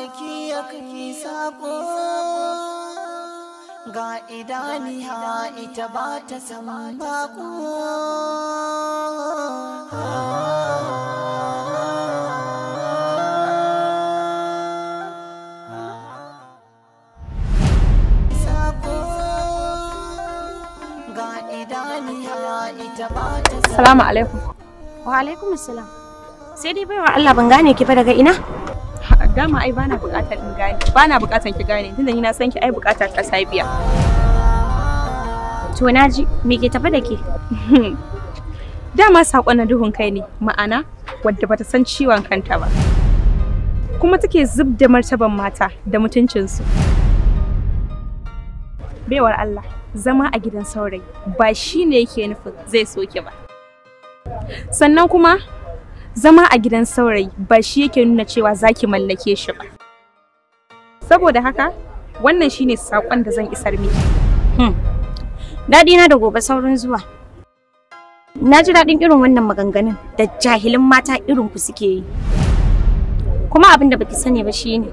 baki ya kai ita ba ta sama Salamu alaikum. Wa alaikum salam. Sai dai baiwa Allah ban gane ki ba daga ina? dama ai bana buƙatar in gane bana buƙatar ki gane tunda ni na san ki ai buƙatar ta sabiya to naji me ke tafi da ke dama sakon na duhun kai ne ma'ana wadda bata san ciwon kanta ba kuma take zub da martaban mata da mutuncinsu baiwar Allah zama a gidan saurayi ba shi ne yake nufin zai soke ba sannan kuma zama a gidan saurayi ba shi yake nuna cewa zaki mallake shi ba saboda haka wannan shine sakon da zan isar miki hmm. daɗi na da gobe saurin zuwa na ji daɗin irin wannan maganganun da jahilin mata irin ku suke yi kuma abin da baki sani ba shine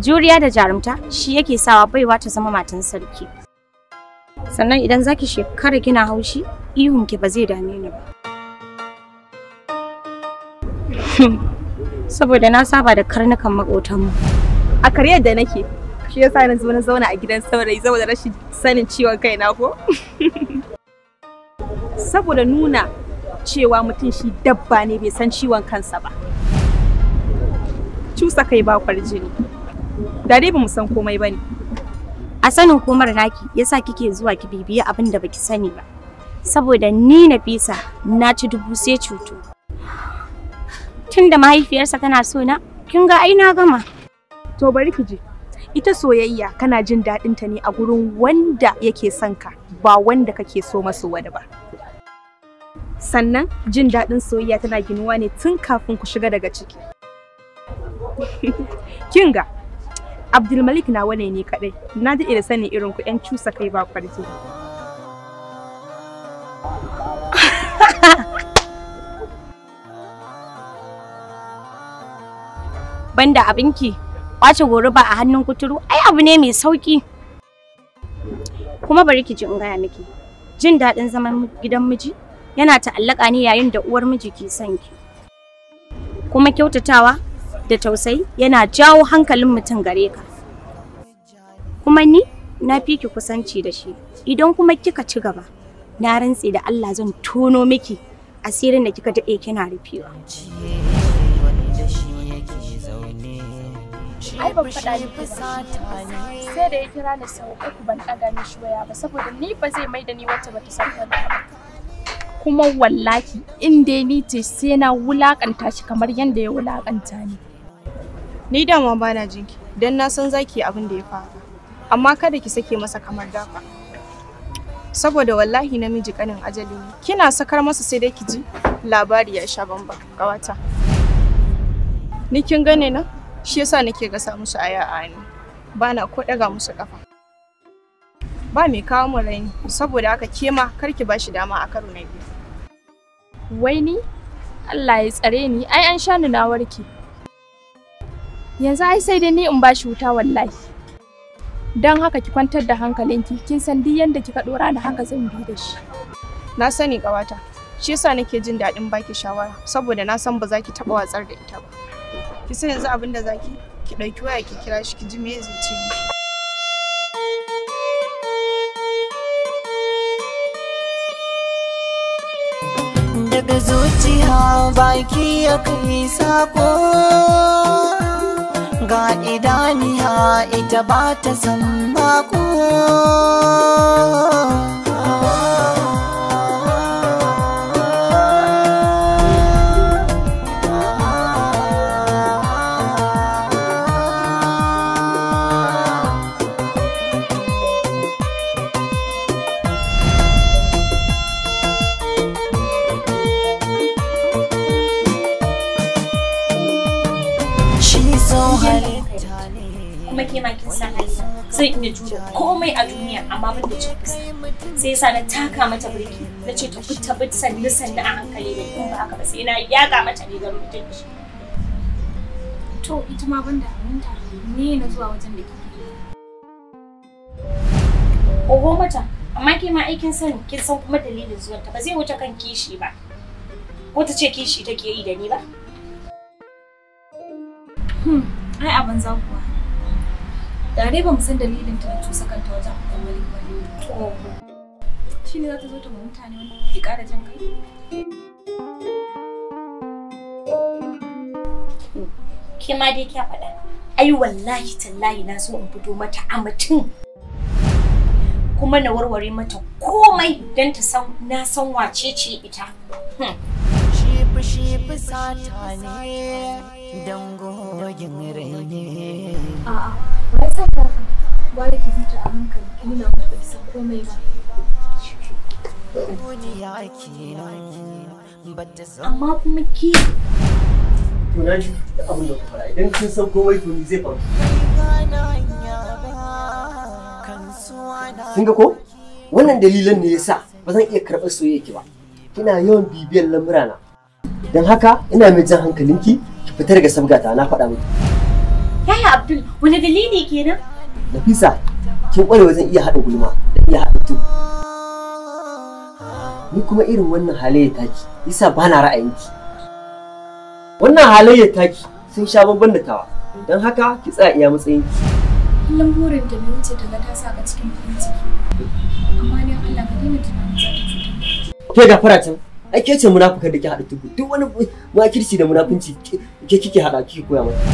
juriya da jarumta shi yake sawa baiwa ta zama matan sarki sannan idan zaki shekara gina haushi ihun ba zai dame ni ba saboda na saba da karnukan makotanmu a karyar da nake shi yasa na zo na zauna a gidan saurayi saboda rashin sanin ciwon kaina ko saboda nuna cewa mutum shi dabba ne bai san ciwon kansa ba cusa kai bakwar jini da dai bamu san komai bane a sanin komar naki yasa kike zuwa ki bibiya abin da baki sani ba saboda ni na bisa na ci dubu sai cutu Tunda mahaifiyarsa tana so na, kin ga ai na gama. To bari ki je. Ita soyayya kana jin daɗin ta ne a gurin wanda yake son ka, ba wanda kake so masu wani ba. Sannan jin daɗin soyayya tana ginuwa ne tun kafin ku shiga daga ciki. kin ga Abdulmalik na wane ne kaɗai, na daɗe da sanin irin ku 'yan cusa kai ba kwarfi banda abinki kwace gori ba a hannun kuturu ai abu ne mai sauki kuma bari ki ji in gaya miki jin daɗin zaman gidan miji yana ta'allaka ne yayin da uwar miji ke son ki kuma kyautatawa da tausayi yana jawo hankalin mutum gare ka kuma ni na fi ki kusanci da shi idan kuma kika ci gaba na rantse da Allah zan tono miki asirin da kika daɗe kina rufewa. ai ban faɗa ni sai da ya kira ni sau uku ban ɗaga mishi waya ba saboda ni ba zai mai da ni wacce bata san kanta ba kuma wallahi in dai ni ce sai na wulakanta shi kamar yadda ya wulakanta ni ni dama na jinki dan na san zaki abin da ya faru amma kada ki sake masa kamar dafa saboda wallahi namiji kanin ajali ne kina sakar masa sai dai ki ji labari ya sha bamba kawata ni kin gane na shi yasa nake gasa musu aya a ni ba na ko daga musu kafa ba mai kawo mu raini saboda haka kema ma kar ki bashi dama a karo na biyu wai ni Allah ya tsare ni ai an sha ni na warke yanzu ai sai dai ni in bashi wuta wallahi dan haka ki kwantar da hankalinki kin san duk yanda kika dora da haka zan bi da shi na sani kawata shi yasa nake jin daɗin baki shawara saboda na san ba za ki taɓa watsar da ita ba ki san yanzu abin da zaki ki ɗauki waya ki kira shi ki ji me zai ce miki daga zuciya baki ya kai sako ga idaniya ita ba ta zama ko so halitta ne kuma ke ma kin san zai iya jure komai a duniya amma ban da cin fuska sai yasa na taka mata birki na ce ta fita bit sannu sannu a hankali ne kuma ba haka ba sai na yaga mata rigar mutunci to ita ma ban da aminta ne na zuwa wajen da kike oho mata amma ke ma aikin sani kin san kuma dalilin zuwanta ba zai wuce kan kishi ba ko ta ce kishi take yi da ni ba Hmm, ai abin za kuwa da dai ba mu san dalilin ta da cusa kanta wajen hukumar malik ba ne shi ne za ta zo ta mutane wani ke ƙara jan kai ke ma dai kya faɗa ai wallahi tallahi na so in fito mata a mutum kuma na warware mata komai don ta san na san wace ce ita hmm. sata ne dangogin raine a'a wai sai ka gwada ki huta a hankali ni na mutu bai san komai ba Godiya kenan amma kuma ki to na ji abin da ku fara idan kin san komai to ni zai faru kin ga ko wannan dalilan ne yasa ba zan iya karɓar soyayya ki ba kina yawan bibiyar lamurana don haka ina mai jan hankalinki ki fita daga sabgata na faɗa miki yaya abdul wani dalili kenan nafisa kin kware wajen iya haɗa gulma da iya haɗa tu ni kuma irin wannan halayya taki isa ba na ra'ayinki wannan halayya taki sun sha babban da tawa don haka ki tsaya iya matsayinki kullum burin da bai wuce daga ta sa a cikin fahimci. amma ni Allah ka daina tunanin za ta ke gafara can ai ke ce munafukan da ke haɗa tuku duk wani makirci da munafunci ke kike haɗa kike koya mata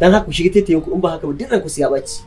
dan haka ku shiga taitayen ku in ba haka ba duk ku sai ya ɓaci.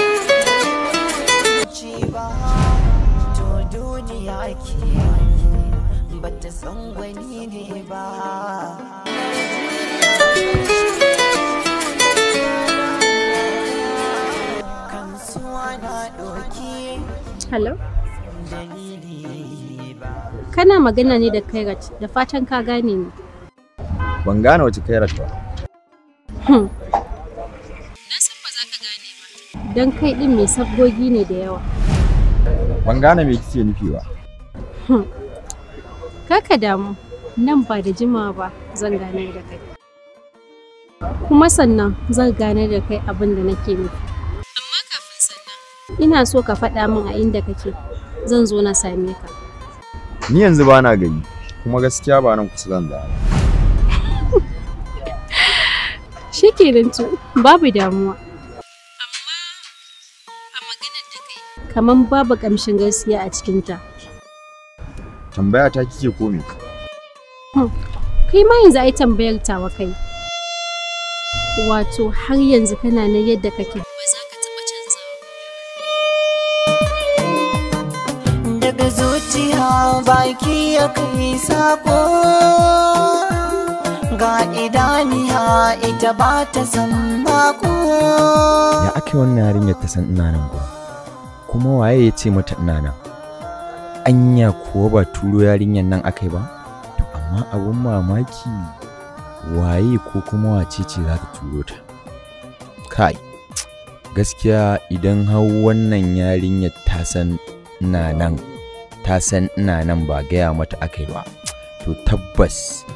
zuci ba to duniya ke bata san gwani ne ba Hello? Kana magana ne da Kairat, da fatan ka gane ni. Ban gane wace Kairat ba. Hmm. don kai ɗin mai sabgogi ne da yawa. Ban gane me kike nufi ba. Hmm. Kaka damu, nan ba da jimawa ba zan gane da kai. Kuma sannan zan gane da kai abin da nake nufi. Amma kafin sannan. Ina so ka faɗa min a inda kake, zan zo na same ka. Ni yanzu ba na gani, kuma gaskiya ba nan kusa zan da Shi kenan babu damuwa. kamar babu kamshin gaskiya a cikinta. Tambaya ta kike ko hmm. Kai ma yanzu ai tambayar tawa kai. Wato har yanzu kana nan yadda kake. zuciya baki ya kai sako ga idaniya san mako. Ya ake wannan yarinyar ta san ina nan gurin? kuma waye ya ce mata ina nan anya kuwa ba turo yarinyar nan akai ba to amma abun mamaki waye ko kuma wace ce za ta turo ta kai gaskiya idan har wannan yarinyar ta san ina nan ta san ina nan ba gaya mata akai ba to tabbas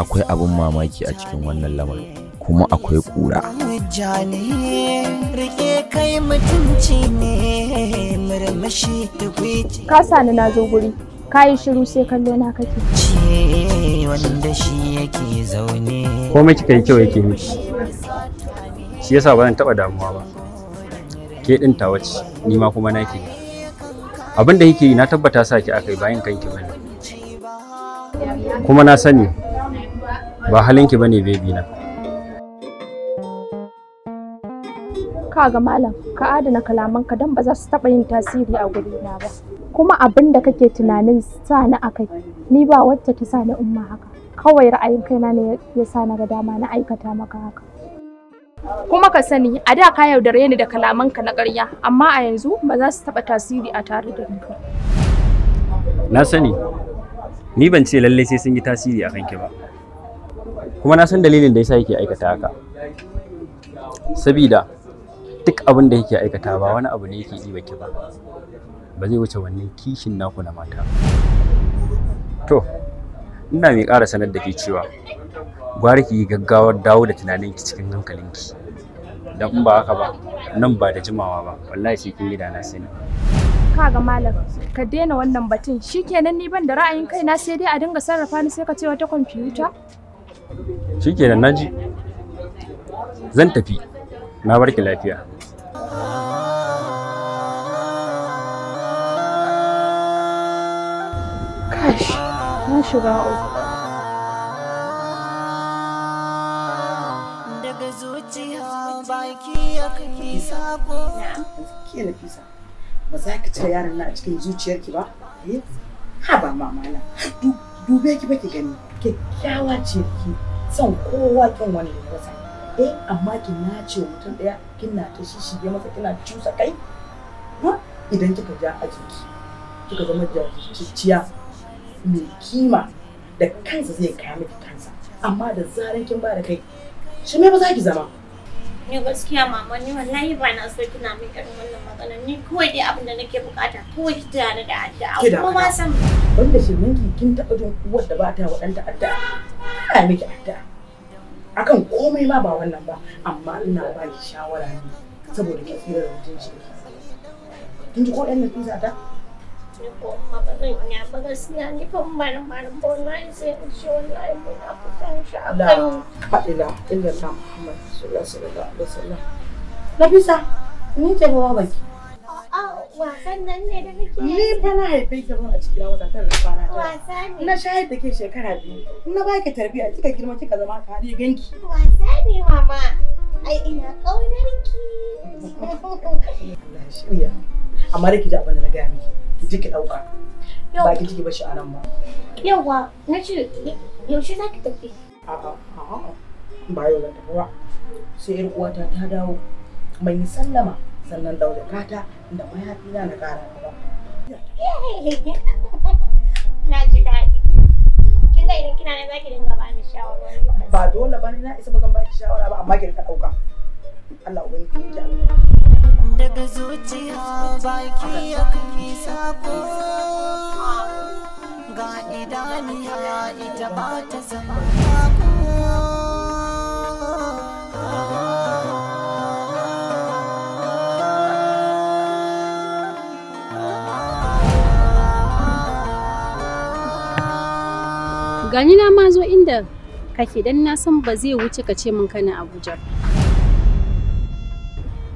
akwai abin mamaki a cikin wannan lamarin kuma akwai kura. Jani, rike kai mutunci ne. armashi da ka sani na zo guri ka yi shiru sai kallo na kake wanda shi yake zaune komai kika yi kyau yake miki shi yasa ba zan taba damuwa ba ke din ta ce ni ma kuma naki abin da yake yi na tabbata sa ki akai bayan kanki bane kuma na sani ba halin ki bane baby na ga malam ka adana kalamanka don ba za su taɓa yin tasiri a na ba kuma abin da kake tunanin sa ni a kai ni ba wacce ta sa ni umma haka kawai ra'ayin kaina ne ya sa na ga dama na aikata maka haka kuma ka sani a da ka yaudare ni da kalamanka na ƙarya amma a yanzu ba za su taɓa tasiri a tare da ni na sani ni ban ce lallai sai sun yi tasiri a kanki ba kuma na san dalilin da yasa yake aikata haka sabida duk abin da yake aikata ba wani abu ne yake yi baki ba ba zai wuce wannan kishin naku na mata to ina mai ƙara sanar da ke cewa gwari ki yi gaggawar dawo da tunaninki cikin hankalinki dan in ba haka ba nan ba da jimawa ba wallahi sai kin gida na sai kaga malam ka daina wannan batun shikenan ni ban da ra'ayin kaina sai dai a dinga sarrafa ni sai ka ce wata kwamfuta shikenan naji zan tafi na barki lafiya na shiga uku daga zuciya baki ya kai sako ke nafisa ba za ka cire yaran na a cikin zuciyarki ba eh? ha ba mamala dube ki baki gani kyakkyawa ce ki son kowa kin wani wasa eh amma ki nace mutum daya kina ta shishige masa kina cusa kai idan kika ja a jiki kika zama jajirtacciya mai kima da kansa zai kaya miki kansa amma da zaran kin ba da kai shi mai ba za ki zama ni gaskiya mama ni wallahi ba na so kina min irin wannan magana ni kawai dai abin da nake bukata kawai ki ni da addu'a kuma ma san wanda shi ki kin taba jin uwar da ba ta waɗanta addu'a ai miki addu'a akan komai ma ba wannan ba amma ina ba ki shawara ne saboda ki tsira da mutunci kin ji ko ɗan nafisa ta je kuma ba in na fitan a Nafisa ni ce ba baki wasan nan ne da nake ni fa na haife ki mun a cikin wata tana fara ta wasa ne na shayar da ke shekara biyu na baki tarbiya kika girma kika zama ka hade ganki wasa ne mama ai ina kaunar ki Allah shirya amma rike abin da na gaya miki jiki je dauka ba ki jiki ba shi a nan ba yawa na ce yaushe za ki tafi a'a ba yau da tafiwa sai yar uwata ta dawo mai sallama sannan daure kata da mayafina na na kara gaba na ji daɗi kin ga idan kina nan zaki dinga bani shawara. ba dole ba ni na isa ba zan baki shawara ba amma ki ka dauka Allah ubangiji ya albarka daga zuciya baki ya yi sako ga idaniya ita ba ta zama gani na ma zo inda kake dan na san ba zai wuce ka ce min kana Abuja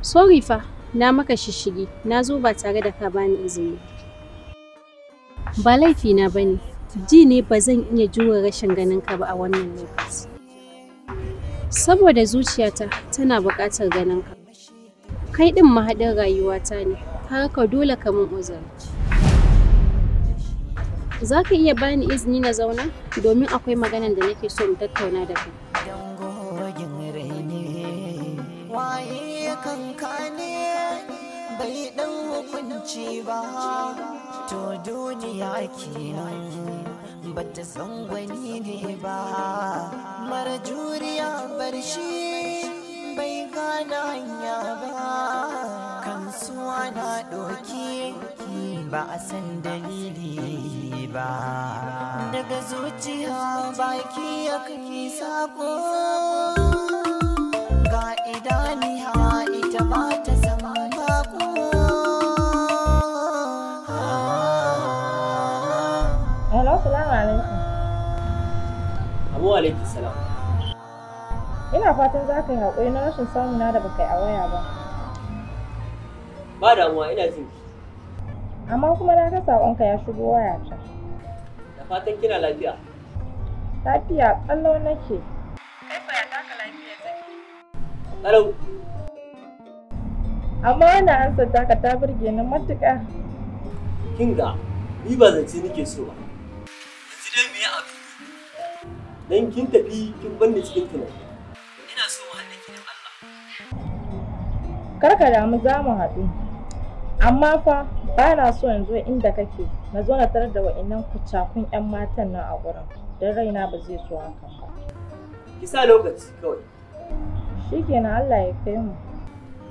Sorry fa, na maka shishigi, na zo ba tare da ka bani izini. Ba laifi na bane ji ne ba zan iya jure rashin ganin ka ba a wannan lokaci. Saboda zuciyata tana buƙatar ganin ka. Kai ɗin mahaɗin rayuwata ne, haka dole ka mun uzuri. Za ka iya bani izini na zauna domin akwai maganan da nake so mu tattauna da kai. kanka ne bai dan hukunci ba to duniya kenan ta san gwani ne ba mara juriya bar shi bai gane hanya ba kansuwa na ɗoki ba a san dalili ba daga zuciya baki ya kake sako ina fatan za ka yi haƙuri na rashin samu na da ba kai a waya ba ba damuwa ina jin amma kuma na ga saƙonka ya shigo waya ta da fatan kina lafiya lafiya ƙallo nake kai fa ya taka lafiya take ƙalau amma wannan ansar taka ta burge ni matuƙa kinga ni ba zance nake so ba yanzu dai me ya abu dan kin tafi kin banne cikin tunani kar ka damu za mu haɗu amma fa ba na so in zo inda kake na zo na tarar da wa'annan kucakun 'yan matan nan a gurin don raina ba zai so haka. ba ki sa lokaci kawai shikenan Allah ya kai mu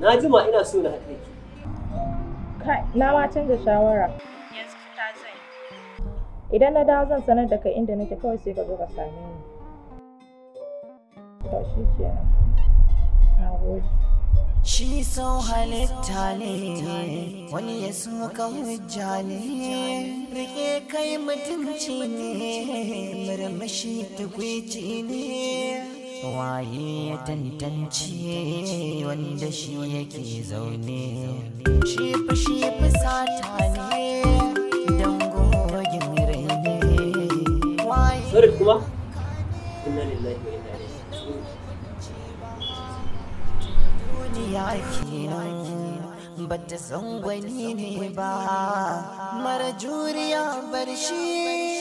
na ma ina so na haɗe ki kai na ma canza shawara yanzu ta zai idan na dawo zan sanar da kai inda nake kawai sai ka zo ka same ni to nan. na gode shi sau halitta ne wani ya suka hujja ne rike kai mutunci ne murmushi tukwici ne waye ya tantance wanda shi yake zaune shi fi shi fi sata ne don gogin rai ne kuma inna lillahi wa inna yaki ba ta san gwani ne ba mara juriya bar shi